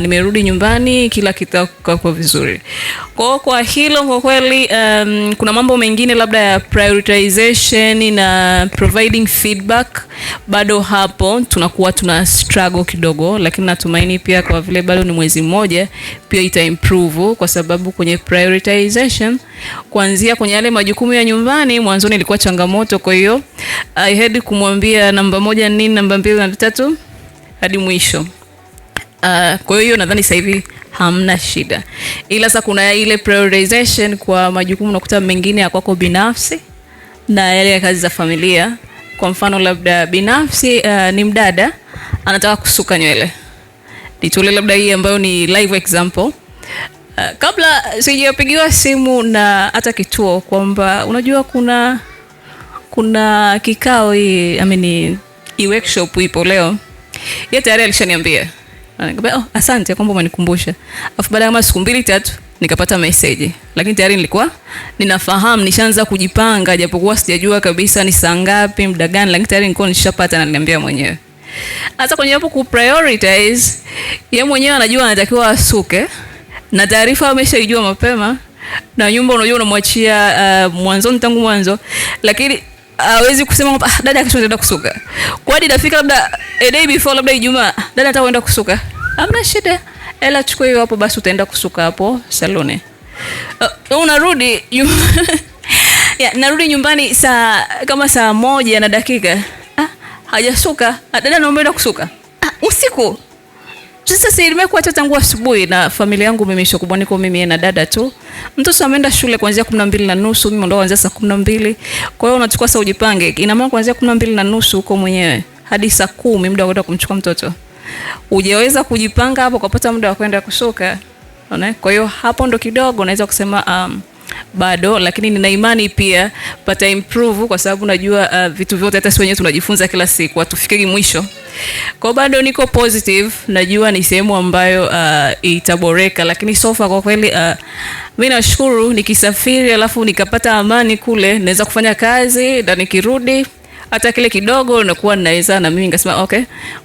nimerudi nyumbani, kila kitu kwa vizuri. Kwa kwa hilo kwa kweli, um, kuna mambo mengine labda ya prioritization na providing feedback, bado hapo tunakuwa tuna struggle kidogo, lakini natumaini pia kwa vile bado ni mwezi mmoja, pia ita improve kwa sababu kwenye prioritization, kuanzia kwenye yale majukumu ya nyumbani, mwanzoni ilikuwa changamoto. Kwa hiyo I had kumwambia namba moja nini, namba mbili na tatu hadi mwisho. Uh, kwa hiyo nadhani sasa hivi hamna shida, ila sasa kuna ile prioritization kwa majukumu nakuta mengine ya kwako binafsi na yale ya kazi za familia. Kwa mfano labda binafsi, uh, ni mdada anataka kusuka nywele, nitolee labda hii ambayo ni live example. Uh, kabla sijapigiwa simu na hata kituo kwamba unajua kuna kuna kikao hii, I mean, hii workshop ipo leo, yeye tayari alishaniambia Nikambia oh, asante kwamba umenikumbusha. Afu baada ya kama siku mbili tatu nikapata message, lakini tayari nilikuwa ninafahamu, nishaanza kujipanga, japokuwa sijajua kabisa ni saa ngapi, muda gani, lakini tayari nilikuwa nishapata na niliambia mwenyewe. Hata kwenye hapo ku prioritize, yeye mwenyewe anajua anatakiwa asuke na taarifa ameshaijua mapema, na nyumba unajua unamwachia uh, mwanzoni tangu mwanzo, lakini hawezi kusema kwamba ah, dada kesho nitaenda kusuka. Kwani nafika labda a day before labda Ijumaa, dada ataenda kusuka. Hamna shida. Ela chukua hiyo hapo basi utaenda kusuka hapo saloni. Uh, unarudi yu... yeah, narudi nyumbani saa kama saa moja na dakika. Ah, hajasuka. Ah, dada naomba kusuka. Ah, usiku. Sasa nimekuwa hata tangu asubuhi na familia yangu mimi sio kubwa, niko mimi na dada tu. Mtoto ameenda shule kuanzia 12 na nusu, mimi ndo kuanzia saa 12. Kwa hiyo unachukua saa ujipange. Ina maana kuanzia 12 na nusu huko mwenyewe hadi saa 10 muda wa kwenda kumchukua mtoto. Ujaweza kujipanga hapo kupata muda wa kwenda kusoka. Unaona? Kwa hiyo hapo ndo kidogo naweza kusema um, bado, lakini nina imani pia pata improve kwa sababu najua uh, vitu vyote hata sisi wenyewe tunajifunza kila siku, hatufikiri mwisho. Kwa bado niko positive, najua ni sehemu ambayo uh, itaboreka, lakini sofa kwa kweli uh, mimi nashukuru nikisafiri, alafu nikapata amani kule, naweza kufanya kazi na nikirudi hata kile kidogo nakuwa ninaweza na mimi nikasema okay,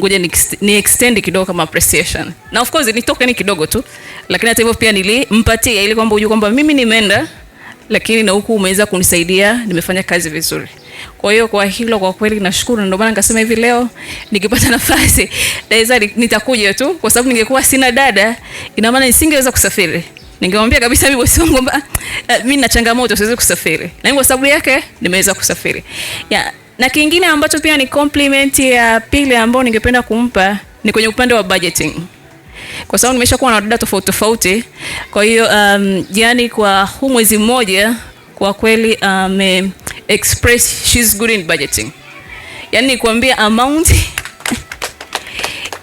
ngoja ni, ni extend kidogo kama appreciation, na of course nitoke ni kidogo tu, lakini hata hivyo pia nilimpatia ili kwamba ujue kwamba mimi nimeenda, lakini na huku umeweza kunisaidia, nimefanya kazi vizuri. Kwa hiyo kwa hilo kwa kweli nashukuru, na ndio maana nikasema hivi leo nikipata nafasi naweza nitakuja tu, kwa sababu ningekuwa sina dada, ina maana nisingeweza kusafiri. Ningemwambia kabisa mimi bosi wangu kwamba ah, mimi na changamoto siwezi kusafiri, lakini kwa sababu yake nimeweza kusafiri yeah. Na kingine ambacho pia ni compliment ya pili ambayo ningependa kumpa ni kwenye upande wa budgeting, kwa sababu nimeshakuwa na wadada tofauti tofauti. Kwa hiyo um, yani kwa huu mwezi mmoja kwa kweli ame um, express she's good in budgeting, yani nikwambia amount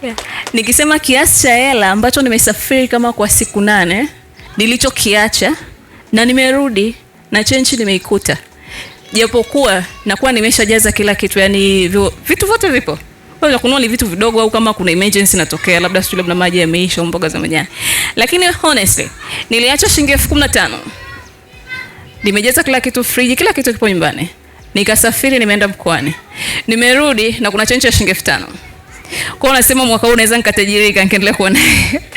yeah. Nikisema kiasi cha hela ambacho nimesafiri kama kwa siku nane nilichokiacha na nimerudi na chenchi nimeikuta japokuwa nakuwa nimeshajaza kila kitu, yani vitu vyote vipo vya kununua ni vitu vidogo, au kama kuna emergency inatokea, labda sio labda maji yameisha au mboga za majani. Lakini honestly niliacha shilingi 15,000 nimejaza kila kitu, friji, kila kitu kipo nyumbani. Nikasafiri, nimeenda mkoani, nimerudi na kuna chenche ya shilingi 5,000. Kwa hiyo nasema mwaka huu naweza nikatajirika, nikaendelea kuona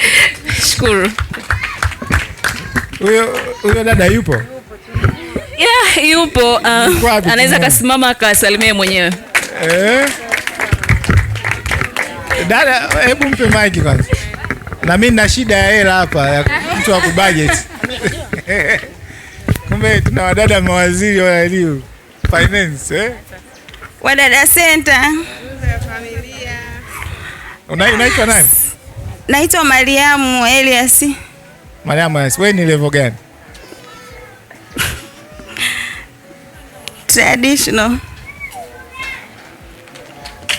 Shukuru. Huyo huyo dada yupo. Yeah, yupo uh, anaweza akasimama akasalimia mwenyewe eh. Dada, hebu mpe maiki kwanza, na mimi nina shida ya hela hapa ya mtu wa kubudget kumbe tuna wadada mawaziri wa elimu finance eh? Wadada Center. Unaitwa nani? Naitwa Mariamu Elias. Mariamu Elias, wewe ni level gani? say additional.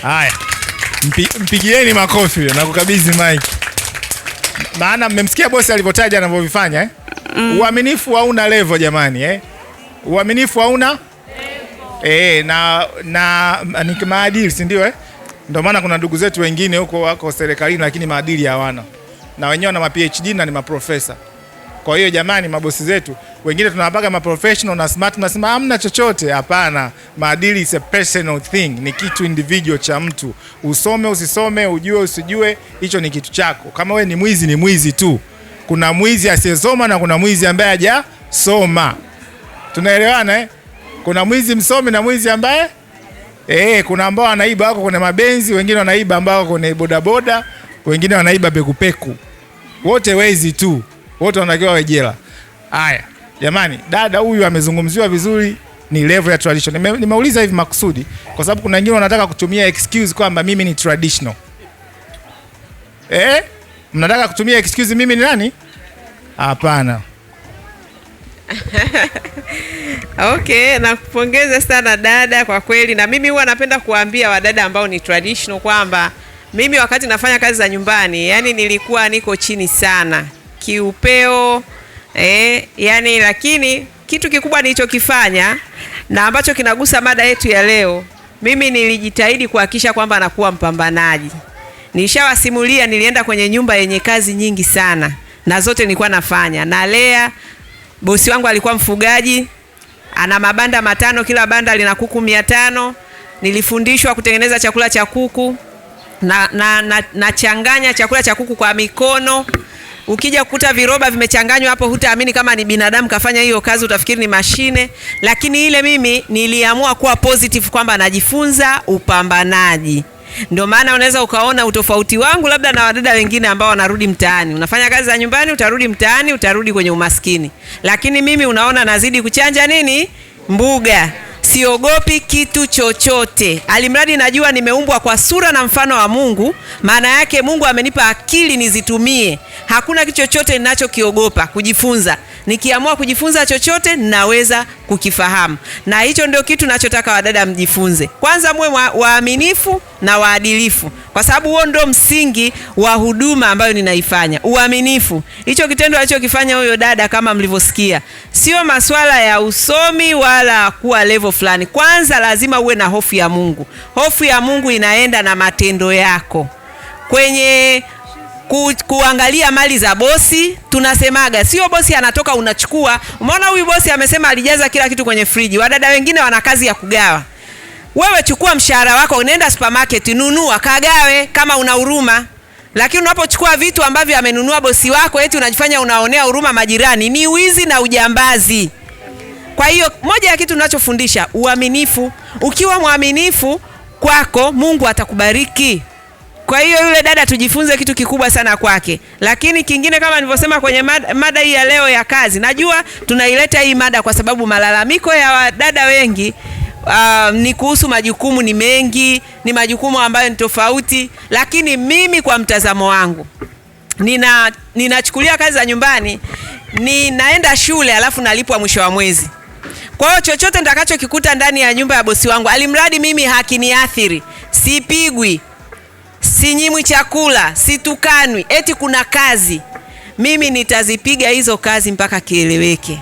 Haya, mpigieni makofi na kukabidhi mike, maana mmemsikia bosi alivyotaja anavyovifanya eh? Mm. Uaminifu hauna levo jamani eh? Uaminifu hauna e, na, na ni maadili si ndio eh? Ndio maana kuna ndugu zetu wengine huko wako serikalini lakini maadili hawana, na wenyewe wana ma PhD na ni maprofesa. Kwa hiyo jamani, mabosi zetu wengine tunawapaga maprofessional na smart, tunasema hamna chochote. Hapana, maadili is a personal thing, ni kitu individual cha mtu. Usome usisome, ujue usijue, hicho ni kitu chako. Kama we ni mwizi, ni mwizi tu. Kuna mwizi asiyesoma na kuna mwizi ambaye hajasoma. Tunaelewana eh? Kuna mwizi msomi na mwizi ambaye eh, kuna ambao anaiba wako kwenye mabenzi, wengine wanaiba ambao kwenye bodaboda, wengine wanaiba pekupeku. Wote wezi tu, wote wanatakiwa wejela. Haya. Jamani, dada huyu amezungumziwa vizuri, ni level ya tradition. nimeuliza hivi makusudi kwa sababu kuna wengine wanataka kutumia excuse kwamba mimi ni traditional. Eh? Mnataka kutumia excuse mimi ni nani? Hapana. Okay, nakupongeza sana dada, kwa kweli. Na mimi huwa napenda kuwaambia wadada ambao ni traditional kwamba mimi wakati nafanya kazi za nyumbani, yani nilikuwa niko chini sana kiupeo eh, yani lakini kitu kikubwa nilichokifanya na ambacho kinagusa mada yetu ya leo, mimi nilijitahidi kuhakikisha kwamba nakuwa mpambanaji. Nishawasimulia, nilienda kwenye nyumba yenye kazi nyingi sana, na zote nilikuwa nafanya. Nalea, bosi wangu alikuwa mfugaji, ana mabanda matano, kila banda lina kuku mia tano. Nilifundishwa kutengeneza chakula cha kuku na, na, na, na changanya chakula cha kuku kwa mikono Ukija kukuta viroba vimechanganywa hapo, hutaamini kama ni binadamu kafanya hiyo kazi, utafikiri ni mashine. Lakini ile mimi niliamua kuwa positive kwamba najifunza upambanaji. Ndio maana unaweza ukaona utofauti wangu labda na wadada wengine ambao wanarudi mtaani. Unafanya kazi za nyumbani, utarudi mtaani, utarudi kwenye umaskini, lakini mimi unaona nazidi kuchanja nini mbuga siogopi kitu chochote, alimradi najua nimeumbwa kwa sura na mfano wa Mungu. Maana yake Mungu amenipa akili nizitumie. Hakuna kitu chochote ninachokiogopa kujifunza, nikiamua kujifunza chochote naweza kukifahamu, na hicho ndio kitu nachotaka wadada mjifunze. Kwanza muwe wa, waaminifu na waadilifu, kwa sababu huo ndio msingi wa huduma ambayo ninaifanya. Uaminifu, hicho kitendo alichokifanya huyo dada, kama mlivyosikia, sio masuala ya usomi wala kuwa levo fulani. Kwanza lazima uwe na hofu ya Mungu. Hofu ya Mungu inaenda na matendo yako kwenye ku, kuangalia mali za bosi. Tunasemaga sio bosi anatoka unachukua. Umeona huyu bosi amesema alijaza kila kitu kwenye friji. Wadada wengine wana kazi ya kugawa. Wewe chukua mshahara wako, unaenda supermarket, nunua, kagawe kama una huruma. Lakini unapochukua vitu ambavyo amenunua bosi wako, eti unajifanya unaonea huruma majirani, ni wizi na ujambazi. Kwa hiyo moja ya kitu tunachofundisha uaminifu. Ukiwa mwaminifu kwako, Mungu atakubariki. Kwa hiyo yule dada tujifunze kitu kikubwa sana kwake. Lakini kingine kama nilivyosema kwenye mada, mada hii ya leo ya kazi, najua tunaileta hii mada kwa sababu malalamiko ya wadada wengi Uh, ni kuhusu majukumu ni mengi, ni majukumu ambayo ni tofauti, lakini mimi kwa mtazamo wangu nina ninachukulia kazi za nyumbani, ninaenda shule alafu nalipwa mwisho wa mwezi. Kwa hiyo chochote nitakachokikuta ndani ya nyumba ya bosi wangu, alimradi mimi hakiniathiri, sipigwi, sinyimwi chakula, situkanwi, eti kuna kazi. Mimi nitazipiga hizo kazi mpaka kieleweke.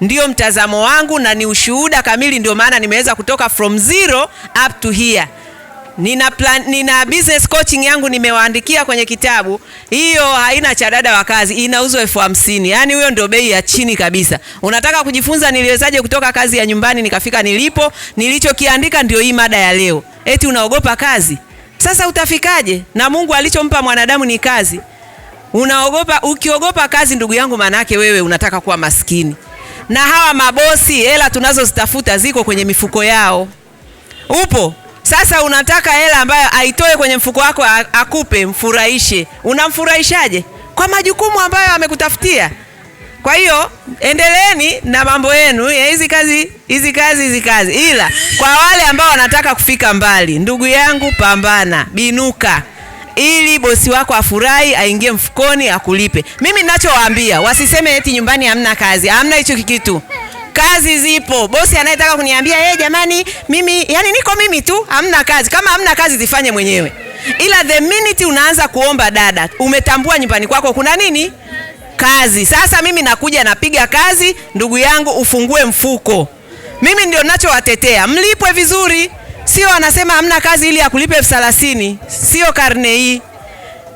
ndio mtazamo wangu na ni ushuhuda kamili. Ndio maana nimeweza kutoka from zero up to here. Nina plan, nina business coaching yangu nimewaandikia kwenye kitabu. Hiyo haina cha dada wa kazi, inauzwa elfu hamsini. Yaani huyo ndio bei ya chini kabisa. Unataka kujifunza niliwezaje kutoka kazi ya nyumbani nikafika nilipo? Nilichokiandika ndio hii mada ya leo. Eti unaogopa kazi? Sasa utafikaje? Na Mungu alichompa mwanadamu ni kazi. Unaogopa, ukiogopa kazi, ndugu yangu, maanake wewe unataka kuwa maskini. Na hawa mabosi, hela tunazozitafuta ziko kwenye mifuko yao. Upo sasa, unataka hela ambayo aitoe kwenye mfuko wako akupe, mfurahishe. Unamfurahishaje? Kwa majukumu ambayo amekutafutia. Kwa hiyo endeleeni na mambo yenu ya hizi kazi hizi kazi hizi kazi, ila kwa wale ambao wanataka kufika mbali, ndugu yangu, pambana, binuka ili bosi wako afurahi, aingie mfukoni, akulipe. Mimi ninachowaambia wasiseme eti nyumbani hamna kazi, hamna hicho kitu. Kazi zipo. Bosi anayetaka kuniambia yeye, eh, jamani, mimi yani niko mimi tu, hamna kazi. Kama hamna kazi, zifanye mwenyewe, ila the minute unaanza kuomba dada, umetambua nyumbani kwako kuna nini kazi. Sasa mimi nakuja napiga kazi, ndugu yangu, ufungue mfuko. Mimi ndio ninachowatetea, mlipwe vizuri, sio anasema hamna kazi ili akulipe elfu thelathini. Sio karne hii.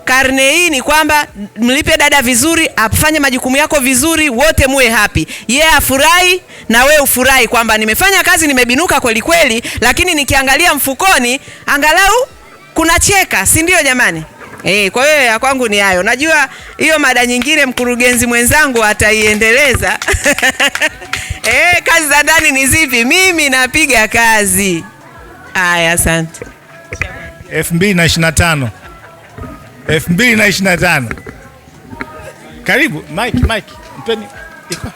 Karne hii ni kwamba mlipe dada vizuri, afanye majukumu yako vizuri, wote muwe happy, yeye yeah, afurahi na we ufurahi kwamba nimefanya kazi, nimebinuka kweli kweli, lakini nikiangalia mfukoni angalau kuna cheka, si ndio jamani? Eh, kwa hiyo ya kwangu ni hayo. Najua hiyo mada nyingine mkurugenzi mwenzangu ataiendeleza. Eh, kazi za ndani ni zipi? Mimi napiga kazi. Aya, asante. 2025. 2025. Karibu Mike, Mike. Mpeni iko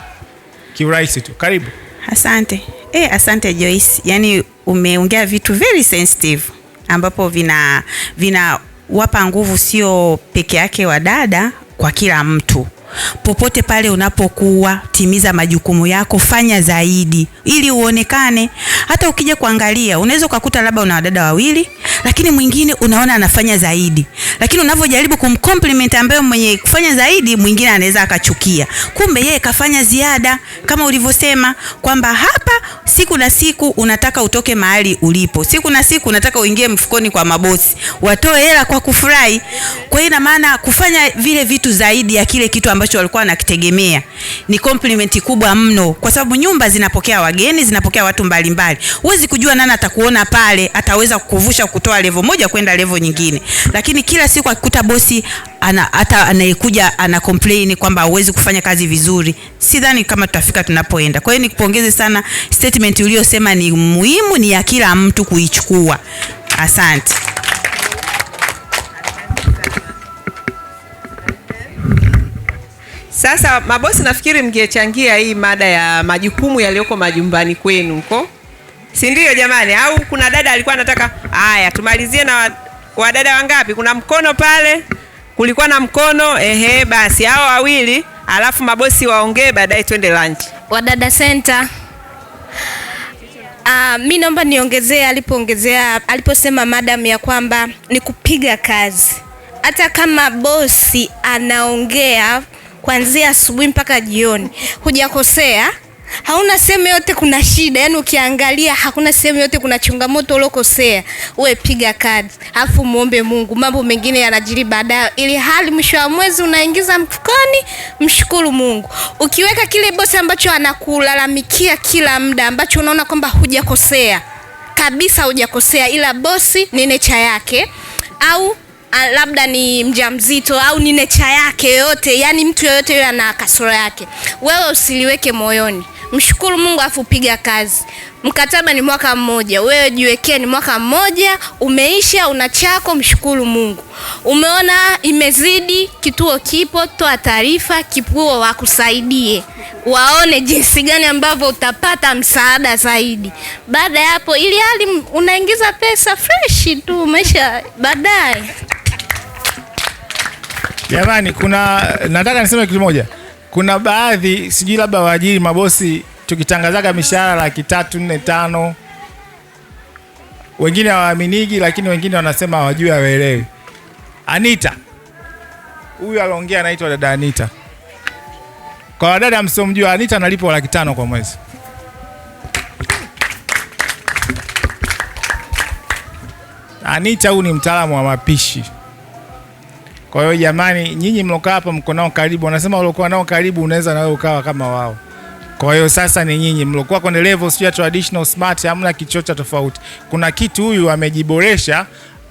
tu. Karibu. Asante. Eh, asante Joyce. Yaani umeongea vitu very sensitive ambapo vina vina wapa nguvu sio peke yake wadada, kwa kila mtu popote pale unapokuwa, timiza majukumu yako, fanya zaidi ili uonekane. Hata ukija kuangalia, unaweza ukakuta labda una wadada wawili, lakini mwingine unaona anafanya zaidi, lakini unavyojaribu kumcompliment ambaye mwenye kufanya zaidi, mwingine anaweza akachukia, kumbe yeye kafanya ziada, kama ulivyosema kwamba hapa siku na siku unataka utoke mahali ulipo, siku na siku unataka uingie mfukoni kwa mabosi watoe hela kwa kufurahi. Kwa hiyo ina maana kufanya vile vitu zaidi ya kile kitu ambacho walikuwa wanakitegemea ni compliment kubwa mno, kwa sababu nyumba zinapokea wageni, zinapokea watu mbalimbali, huwezi kujua nani atakuona pale, ataweza kukuvusha kutu kutoa levo moja kwenda levo nyingine, lakini kila siku akikuta bosi hata anayekuja ana complain kwamba hauwezi kufanya kazi vizuri, sidhani kama tutafika tunapoenda. Kwa hiyo nikupongeze sana, statement uliyosema ni muhimu, ni ya kila mtu kuichukua. Asante. Sasa mabosi, nafikiri mngechangia hii mada ya majukumu yaliyoko majumbani kwenu huko si ndio jamani? Au kuna dada alikuwa anataka haya, tumalizie na wadada wangapi? Kuna mkono pale, kulikuwa na mkono ehe, basi hao wawili, alafu mabosi waongee, baadaye twende lunch. Wadada Center. Uh, mi naomba niongezee alipoongezea aliposema madam ya kwamba ni kupiga kazi, hata kama bosi anaongea kuanzia asubuhi mpaka jioni, hujakosea hauna sehemu yote kuna shida, yaani ukiangalia hakuna sehemu yote kuna changamoto uliokosea. Uwe piga kadi, afu muombe Mungu, mambo mengine yanajiri baadaye, ili hali mwisho wa mwezi unaingiza mfukoni. Mshukuru Mungu. Ukiweka kile bosi ambacho anakulalamikia kila muda, ambacho unaona kwamba hujakosea kabisa, hujakosea, ila bosi ni necha yake au Ah, labda ni mjamzito au ni necha yake yoyote, yani mtu yoyote yule ana kasoro yake, wewe usiliweke moyoni. Mshukuru Mungu afu piga kazi. Mkataba ni mwaka mmoja, wewe jiwekee ni mwaka mmoja, umeisha, una chako, mshukuru Mungu. Umeona imezidi, kituo kipo, toa taarifa, kipuo, wakusaidie, waone jinsi gani ambavyo utapata msaada zaidi. Baada ya hapo, ili hali unaingiza pesa freshi tu, maisha baadaye Jamani, kuna nataka niseme kitu moja. Kuna baadhi sijui labda waajiri mabosi, tukitangazaga mishahara laki tatu nne tano, wengine hawaaminiki, lakini wengine wanasema hawajui, hawaelewi. Anita huyu aliongea, anaitwa dada Anita. Kwa wadada msiomjua, Anita analipwa laki tano kwa mwezi. Anita huyu ni mtaalamu wa mapishi kwa hiyo jamani, nyinyi mlokaa hapa mko nao karibu, wanasema waliokuwa nao karibu unaweza nawe ukawa kama wao. Kwa hiyo sasa ni nyinyi mlokuwa kwenye level sio traditional smart, hamna kichocha tofauti. Kuna kitu huyu amejiboresha,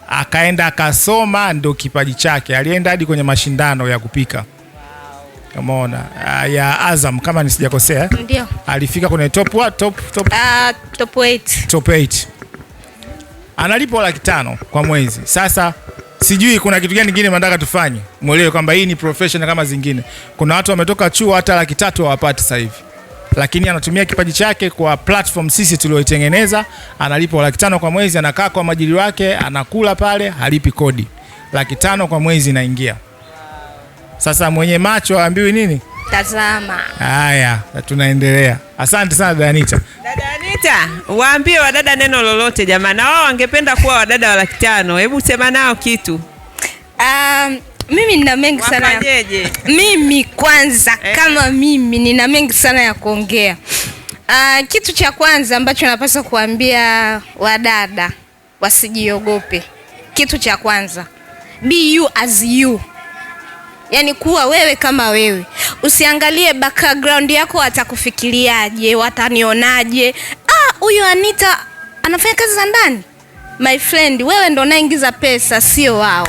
akaenda akasoma, ndo kipaji chake. Alienda hadi kwenye mashindano ya kupika Umeona ah, ya Azam kama nisijakosea, eh? ndio alifika kwenye top wa top top uh, top 8 top 8 analipo laki tano kwa mwezi. Sasa sijui kuna kitu gani kingine nataka tufanye, mwelewe kwamba hii ni profession kama zingine. Kuna watu wametoka chuo hata laki tatu hawapati sasa hivi, lakini anatumia kipaji chake kwa platform sisi tulioitengeneza, analipa laki tano kwa mwezi, anakaa kwa majili wake, anakula pale, halipi kodi, laki tano kwa mwezi inaingia. Sasa mwenye macho aambiwi nini? Tazama. Haya, tunaendelea. Asante sana Danita. Mata, waambie wadada neno lolote jamani, na wao wangependa kuwa wadada wa laki tano. Hebu sema nao kitu. Um, mimi nina mengi sana ya... mimi kwanza eh, kama mimi nina mengi sana ya kuongea. Uh, kitu cha kwanza ambacho napaswa kuambia wadada wasijiogope, kitu cha kwanza be you as you, yaani kuwa wewe kama wewe, usiangalie background yako, watakufikiriaje, watanionaje, huyu Anita anafanya kazi za ndani? My friend, wewe ndo unaingiza pesa, sio wao.